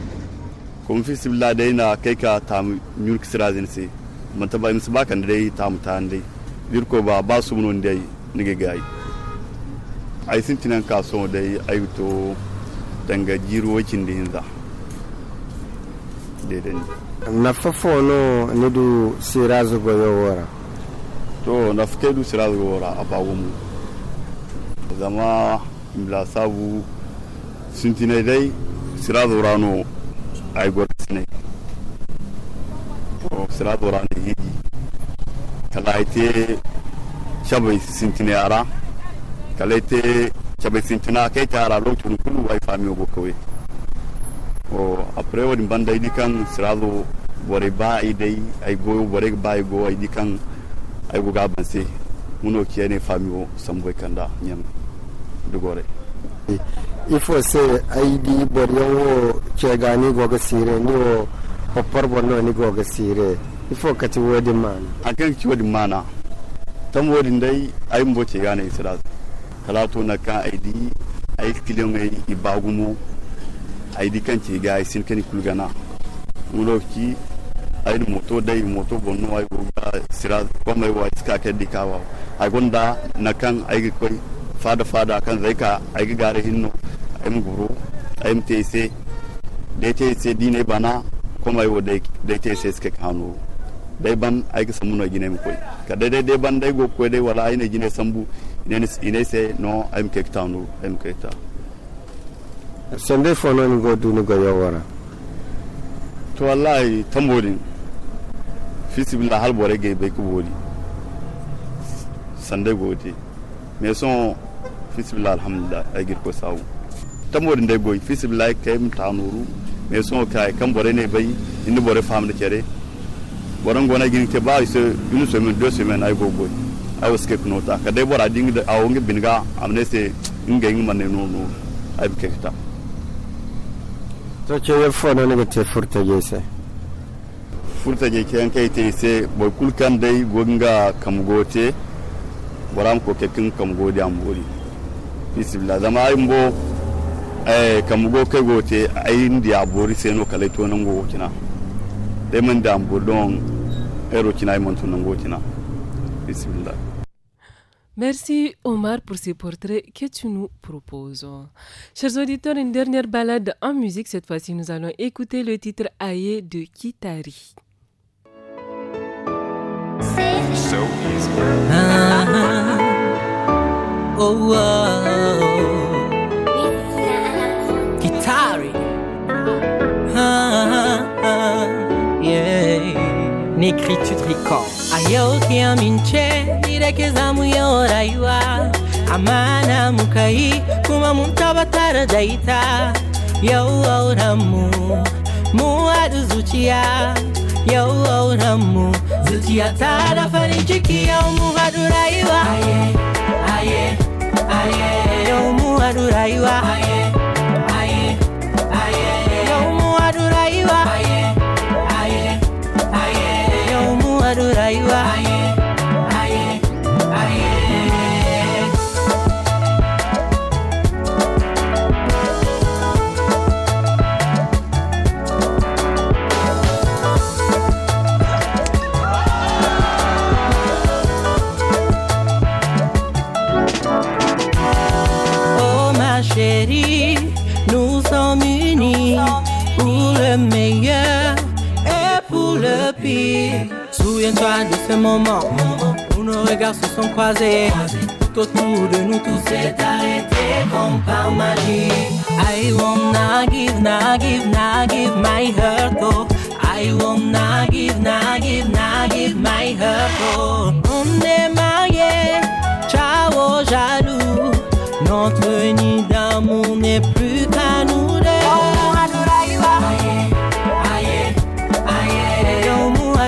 kuma fi sibillahi dai na kai ka tamu nyurk sirazin sai mata ba kan bakan dai mu ta dai dirko ba ba su mun dai nige gai ai sintinan kaso da yi to danga jiro wakin da za da ne. na no ne du zuba goyowara to na fike du zuba goyowara a bago mu zama bila sabu sintinai dai n'o a ai gwarsi sinai to zuba rano yi kala ite shabai sintinai ara kaleete chabesinchina kechaara lochun kulu waifamia obokowe o apre din banda idi kan bore ba idai aigo bore ba aigo idi kan aigo gabanse muno kiyane famio samboy kanda nyam dugore ifo se aidi bore wo kegani goga sire ni wo hoppar bonno ni goga sire ifo kati wodin mana akan ci wodin mana tam wodin dai ayin boce gane sirado kalato na kan aidi yi kiliyan mai ibagumo aidi kan ke ga sin kani kulgana mulo ki yi moto dai moto bonu a yi buga sira kwamai wa iska ka dikawa ai gunda na kan a yi kai fada fada kan zai ka a yi gare hinno a ai muguro yi mtse da ce sai dine bana kuma wa da ce sai suka kano dai ban a yi samu na gine mu koi ka dai dai ban dai gokwai dai wala ai ne gine sambu ine se no I'm ayim ke kita I'm ke kita sende fono ni go duni go yawara to wallahi tambodin fisibila hal bore ge be ko wodi sande godi mais son fisibila alhamdulillah ay gir ko sawu tambodin de goy fisibila ke mtanuru mais son kay kam bore ne bay indi bore famne kere boron gona gin ke ba se une semaine deux semaines ay go goy aw ske ta ka dai bora ding de aw ngi binga amne se nge yin mane no no ay eh, ke ta to che ye fono ne te furta je se furta je ke an kai te se bo kul kan dai gonga kam gote waram ko ke kin kam gode am bori bismillah zama ay mbo eh kam go kai gote ay ndi abori se no kale to nan go kina dai mun da am don ero kina ay mun to nan go kina Merci Omar pour ces portraits que tu nous proposes. Chers auditeurs, une dernière balade en musique. Cette fois-ci, nous allons écouter le titre Aïe de Kitari. Ah, ah, ah. Oh, Negritude Record. Ayau kiaminche nirekeza muyo rayuwa amana mukai kuma muntabatara daita yau auramu Muadu adu zuciya yau aurenmu zuciya ta da farin ciki yau aye aye aye yau mu raiwa aye aye aye yau mu raiwa rayuwa aye Oh ma chérie, nous sommes unis pour le meilleur et pour le pire. Souviens-toi de ce moment où nos regards se sont croisés. Tout autour de nous, tout s'est arrêté comme par magie. I not give, not give, not give my heart, off I not give, not give, not give my heart, off. On est mariés, ciao jaloux. Notre nid d'amour n'est plus qu'à nous.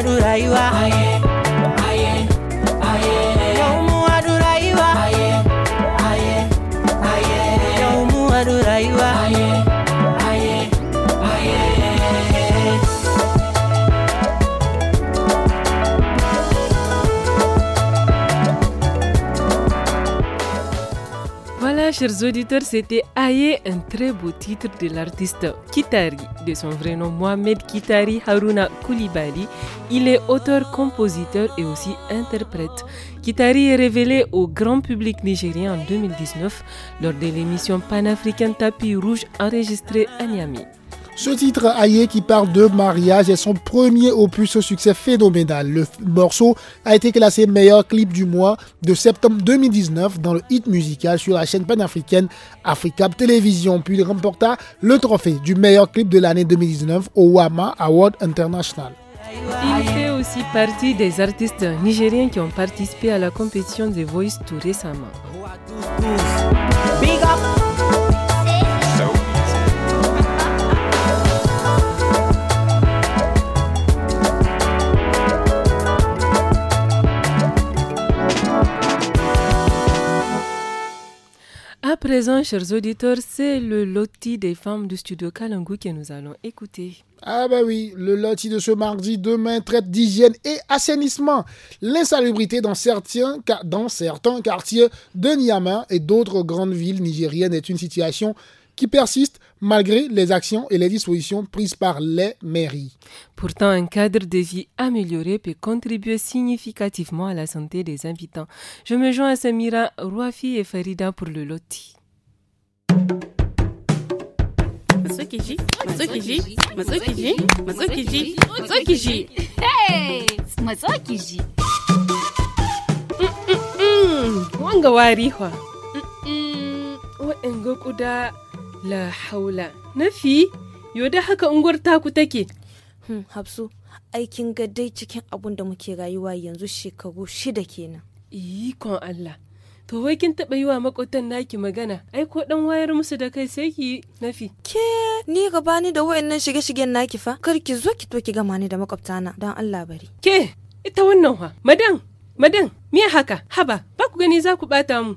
rayuwa chers auditeurs, c'était Aye, un très beau titre de l'artiste Kitari, de son vrai nom Mohamed Kitari Haruna Koulibaly. Il est auteur, compositeur et aussi interprète. Kitari est révélé au grand public nigérien en 2019 lors de l'émission panafricaine Tapis Rouge enregistrée à Niamey. Ce titre Aye qui parle de mariage est son premier opus au succès phénoménal. Le morceau a été classé meilleur clip du mois de septembre 2019 dans le hit musical sur la chaîne panafricaine Africa Télévision, puis il remporta le trophée du meilleur clip de l'année 2019 au WAMA Award International. Il fait aussi partie des artistes nigériens qui ont participé à la compétition de Voice tout récemment. présent, chers auditeurs, c'est le loti des femmes du studio Kalangu que nous allons écouter. Ah ben oui, le loti de ce mardi demain traite d'hygiène et assainissement, l'insalubrité dans certains, dans certains quartiers de Niamey et d'autres grandes villes nigériennes est une situation qui persiste malgré les actions et les dispositions prises par les mairies. Pourtant, un cadre de vie amélioré peut contribuer significativement à la santé des habitants. Je me joins à Samira, Rouafi et Farida pour le loti. Hey! La haula. Nafi, yo haka unguwar taku take. Hmm, aikin gadai cikin abun da muke rayuwa yanzu shekaru shida kenan. Ikon Allah. To wai kin taɓa yi wa makotan naki magana, ai ko ɗan wayar musu da kai sai ki nafi. Ke ni gaba ni da wayannan shige-shigen naki fa, kar ki zo ki to ki gama ni da makwabtana don Allah bari. Ke ita wannan ha, madan, madan, me haka, haba, ba ku gani za ku ɓata mu.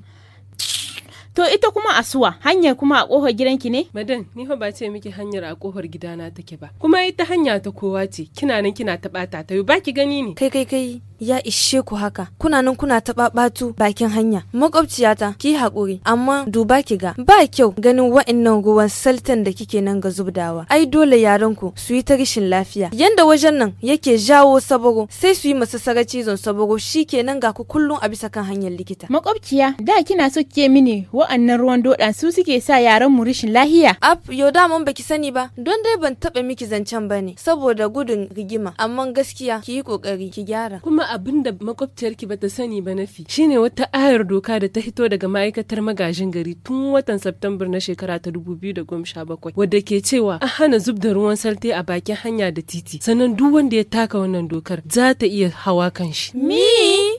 To ita kuma asuwa hanyar kuma a kofar gidanki ne? Madan ni fa ba ce miki hanyar a kofar gidana take ba. Kuma ita hanya ta kowa ce kina nan kina ta ɓata ta ba ki gani ne. Kai kai kai ya ishe ku haka kuna nan kuna taɓaɓatu bakin hanya makwabciyata ki haƙuri amma duba ki ga ba kyau ganin wa'annan ruwan saltan da kike nan ga zubdawa ai dole yaran ku su yi ta rishin lafiya yanda wajen nan yake jawo saboro sai su yi masa sarar cizon saboro shikenan ga ku kullum a bisa kan hanyar likita makwabciya da kina so ke mini wa'annan ruwan doda su suke sa yaran mu rishin lafiya ab yau da mun baki sani ba don dai ban taɓa miki zancen bane saboda gudun rigima amma gaskiya ki yi kokari ki gyara kuma abin da makwabciyarki bata sani ba nafi shine wata ayar doka da ta hito daga ma'aikatar magajin gari tun watan Septambar na shekara ta da bakwai. wadda ke cewa a hana zub da ruwan salte a bakin hanya da titi sannan duk wanda ya taka wannan dokar za ta iya hawa kan shi. Me?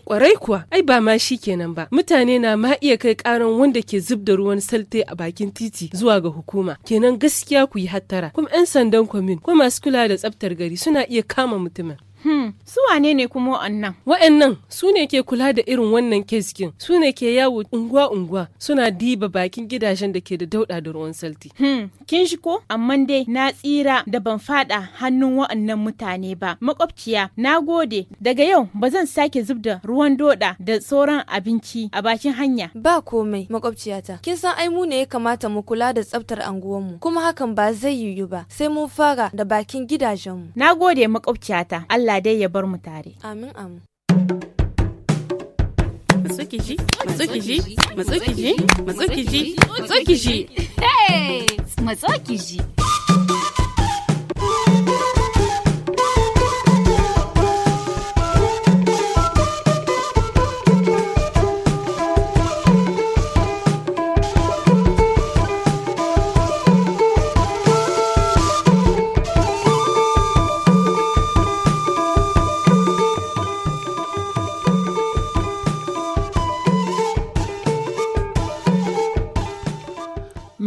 Kwarai kuwa ai ba ma shi kenan ba mutane na ma iya kai karan wanda ke zub da ruwan salte a bakin titi zuwa ga hukuma kenan gaskiya ku yi hattara kuma 'yan sandan kwamin ko masu kula da tsaftar gari suna iya kama mutumin. Hmm. Su wane ne kuma wannan. Wa'annan su ne ke kula da irin wannan keskin, su ne ke yawo unguwa-unguwa suna diba bakin gidajen da ke da dauɗa da ruwan salti. Hmm. Kin shi ko? Amma dai na tsira da ban faɗa hannun wa'annan mutane ba. Makwabciya, na gode. Daga yau ba zan sake zub da ruwan doda da sauran abinci a bakin hanya. Ba komai, makwabciyata. Kin san ai mu ne ya kamata mu kula da tsaftar mu kuma hakan ba zai yiwu ba. Sai mun fara da bakin gidajenmu. Na gode makwabciyata. Allah Allah dai ya bar mu tare. Amin amin. Matsukiji, matsukiji, matsukiji, matsukiji, matsukiji. Hey! Matsukiji.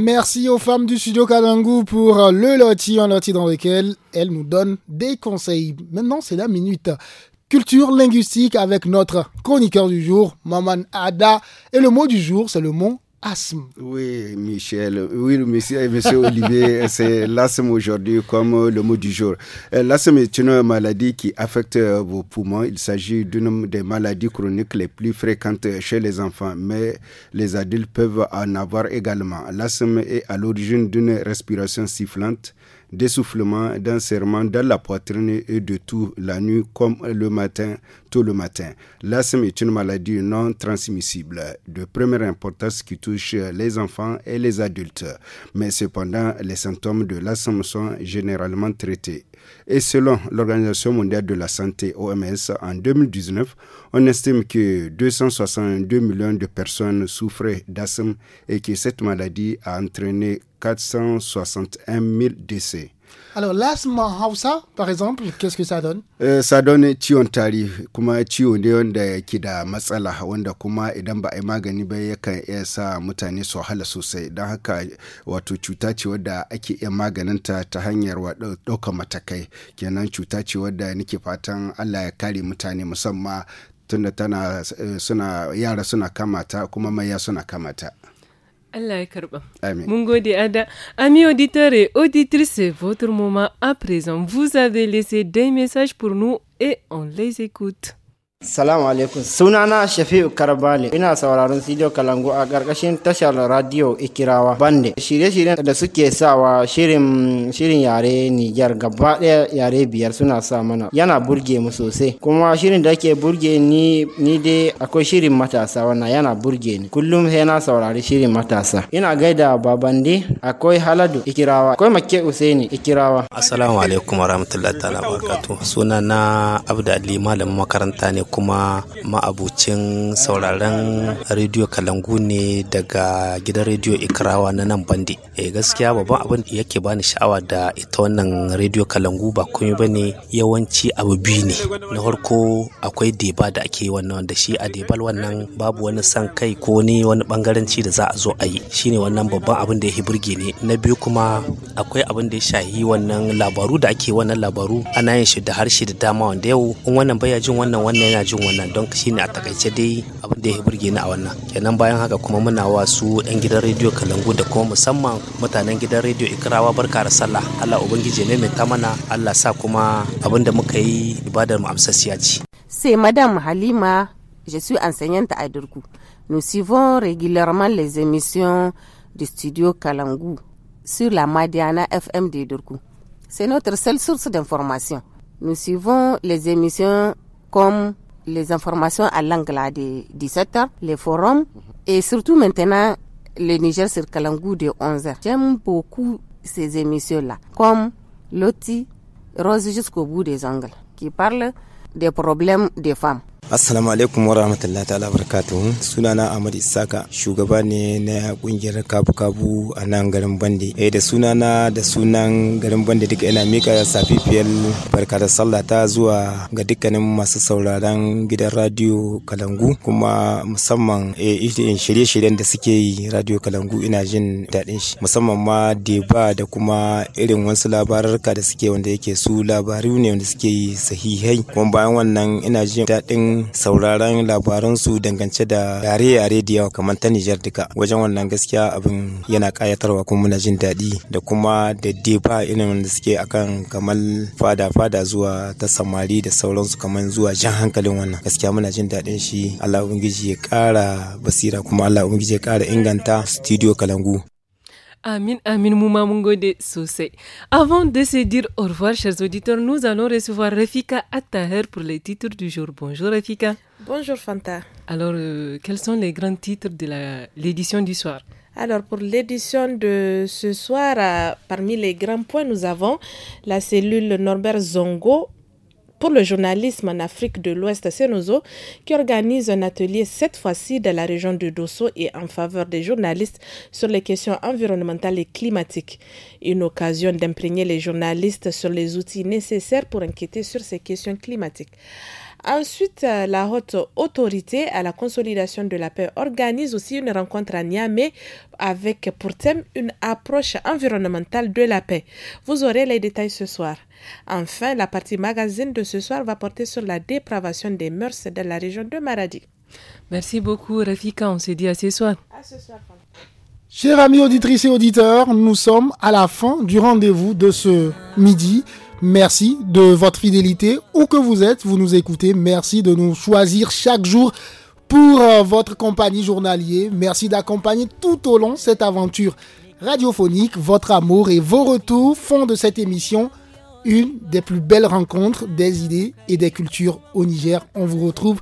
Merci aux femmes du studio Kadangu pour le loti, un loti dans lequel elles nous donnent des conseils. Maintenant, c'est la minute culture linguistique avec notre chroniqueur du jour, Maman Ada. Et le mot du jour, c'est le mot oui, Michel. Oui, monsieur, monsieur Olivier, c'est l'asthme aujourd'hui comme le mot du jour. Euh, l'asthme est une maladie qui affecte euh, vos poumons. Il s'agit d'une des maladies chroniques les plus fréquentes chez les enfants, mais les adultes peuvent en avoir également. L'asthme est à l'origine d'une respiration sifflante d'essoufflement, d'un dans la poitrine et de tout la nuit comme le matin, tout le matin. L'asthme est une maladie non transmissible de première importance qui touche les enfants et les adultes. Mais cependant, les symptômes de l'asthme sont généralement traités. Et selon l'Organisation mondiale de la santé OMS, en 2019, on estime que 262 millions de personnes souffraient d'asthme et que cette maladie a entraîné 461 000 décès. Alors, las Hausa, par exemple, qu'est-ce que ça donne? euh, ça donne ciwon tari, kuma ciwo ne wanda ke da matsala, wanda kuma idan ba a yi magani ba yakan iya sa mutane su wahala sosai. Don haka wato cuta ce wadda ake iya maganinta ta hanyar ɗaukar matakai. Kenan cuta ce wadda nake fatan Allah ya kare mutane musamman tunda tana eh, suna yara suna kamata kuma maya suna kamata. Allah ya Ada. Amis auditeurs et auditrices, c'est votre moment à présent. Vous avez laissé des messages pour nous et on les écoute. Salamu alaikum. Sunana Shafi'u Karbali. Ina sauraron Sidiyo Kalangu a ƙarƙashin tashar radio Ikirawa Bande. Shirye-shiryen da suke sawa shirin shirin yare Niger gaba ɗaya yare biyar suna sa mana. Yana burge mu sosai. Kuma shirin da ke burge ni ni dai akwai shirin matasa wannan yana burge ni. Kullum sai na saurari shirin matasa. Ina gaida Babandi, akwai Haladu Ikirawa, akwai Makke Usaini Ikirawa. Assalamu alaikum warahmatullahi ta'ala barakatuh. Sunana Abdali malamin makaranta ne kuma ma'abucin sauraren rediyo kalangu ne daga gidan rediyo ikrawa na nan bandi e eh, gaskiya babban abin da yake bani sha'awa da ita wannan rediyo kalangu ba komai ne yawanci abu biyu ne na farko akwai deba da ake wannan da shi a debal wannan babu wani san kai ko ni wani bangaranci da za a zo a yi shine wannan babban abin da ya burge ne na biyu kuma akwai abin da ya shahi wannan labaru da ake wannan labaru ana yin shi da harshe da dama wanda yau in wannan baya jin wannan wannan yana ina jin wannan don shine a takaice dai abin da ya burge ni a wannan kenan bayan haka kuma muna wasu su yan gidan rediyo kalangu da kuma musamman mutanen gidan rediyo ikirawa barka da sallah Allah ubangiji ne mai ta Allah sa kuma abin da muka yi ibadar mu amsasiya ce c'est madame Halima je suis enseignante à Durku nous suivons régulièrement les émissions du studio Kalangu sur la Madiana FM de Durku c'est notre seule source d'information nous suivons les émissions comme les informations à l'angle à 17h, les forums et surtout maintenant le Niger sur Kalangou de 11h. J'aime beaucoup ces émissions-là, comme Loti, Rose jusqu'au bout des angles, qui parle des problèmes des femmes. Assalamu alaikum rahmatullahi ta'ala barakatuhu sunana Ahmad Isaka shugaba ne na kungiyar kabu-kabu a nan garin Bande eh da sunana da sunan garin Bande duka ina mika safifiyar barka da sallah ta zuwa ga dukkanin masu sauraron gidan radio Kalangu kuma musamman eh shirye-shiryen da suke yi radio Kalangu ina jin daɗin shi musamman ma deba da kuma irin wasu labararka da suke wanda yake su labaru ne wanda suke yi sahihai kuma bayan wannan ina jin daɗin daɗin sauraron labaransu dangance da yare-yare da yawa kamar ta Nijar duka. Wajen wannan gaskiya abin yana kayatarwa kuma muna jin daɗi da kuma da deba irin da suke akan kamar fada-fada zuwa ta samari da sauransu kamar zuwa jan hankalin wannan. Gaskiya muna jin daɗin shi Allah Ubangiji ya ƙara basira kuma Allah Ubangiji ya kara inganta studio Kalangu. Amin, Amin Mouma de Sousse. Avant de se dire au revoir, chers auditeurs, nous allons recevoir Refika Attaher pour les titres du jour. Bonjour Refika. Bonjour Fanta. Alors, euh, quels sont les grands titres de l'édition du soir alors pour l'édition de ce soir, euh, parmi les grands points, nous avons la cellule Norbert Zongo pour le journalisme en Afrique de l'Ouest Nozo qui organise un atelier cette fois-ci dans la région de Dosso et en faveur des journalistes sur les questions environnementales et climatiques. Une occasion d'imprégner les journalistes sur les outils nécessaires pour enquêter sur ces questions climatiques. Ensuite, euh, la haute autorité à la consolidation de la paix organise aussi une rencontre à Niamey avec pour thème une approche environnementale de la paix. Vous aurez les détails ce soir. Enfin, la partie magazine de ce soir va porter sur la dépravation des mœurs de la région de Maradi. Merci beaucoup Rafika, on se dit à ce soir. À ce soir. Chers amis auditrices et auditeurs, nous sommes à la fin du rendez-vous de ce midi. Merci de votre fidélité, où que vous êtes, vous nous écoutez. Merci de nous choisir chaque jour pour euh, votre compagnie journalier. Merci d'accompagner tout au long cette aventure radiophonique. Votre amour et vos retours font de cette émission une des plus belles rencontres des idées et des cultures au Niger. On vous retrouve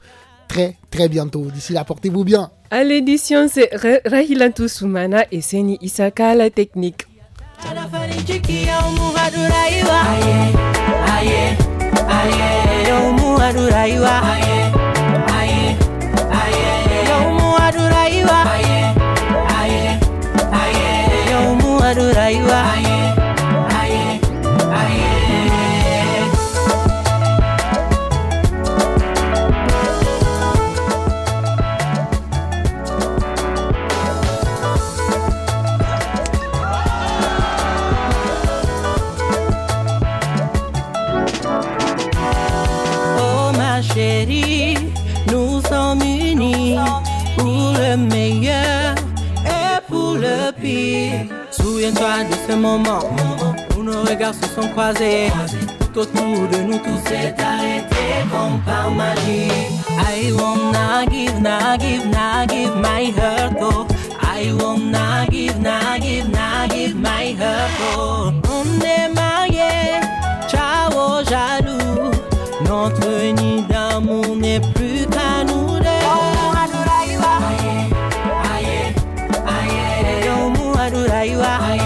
très très bientôt. D'ici là, portez-vous bien. À l'édition, c'est et la technique. Ana mu haɗu rayuwa. Aye, aye, aye. Yau mu haɗu rayuwa. Aye, aye, aye. Yau mu haɗu rayuwa. Aye, aye, aye. Yau mu haɗu rayuwa. et toi de ces moments où nos regards se sont croisés. Tout autour de nous, tout s'est arrêté comme par magie. I wanna give, na give, na give my heart, oh. I wanna give, na give, na give my heart, oh. On est mariés, ciao jaloux, notre union. you are.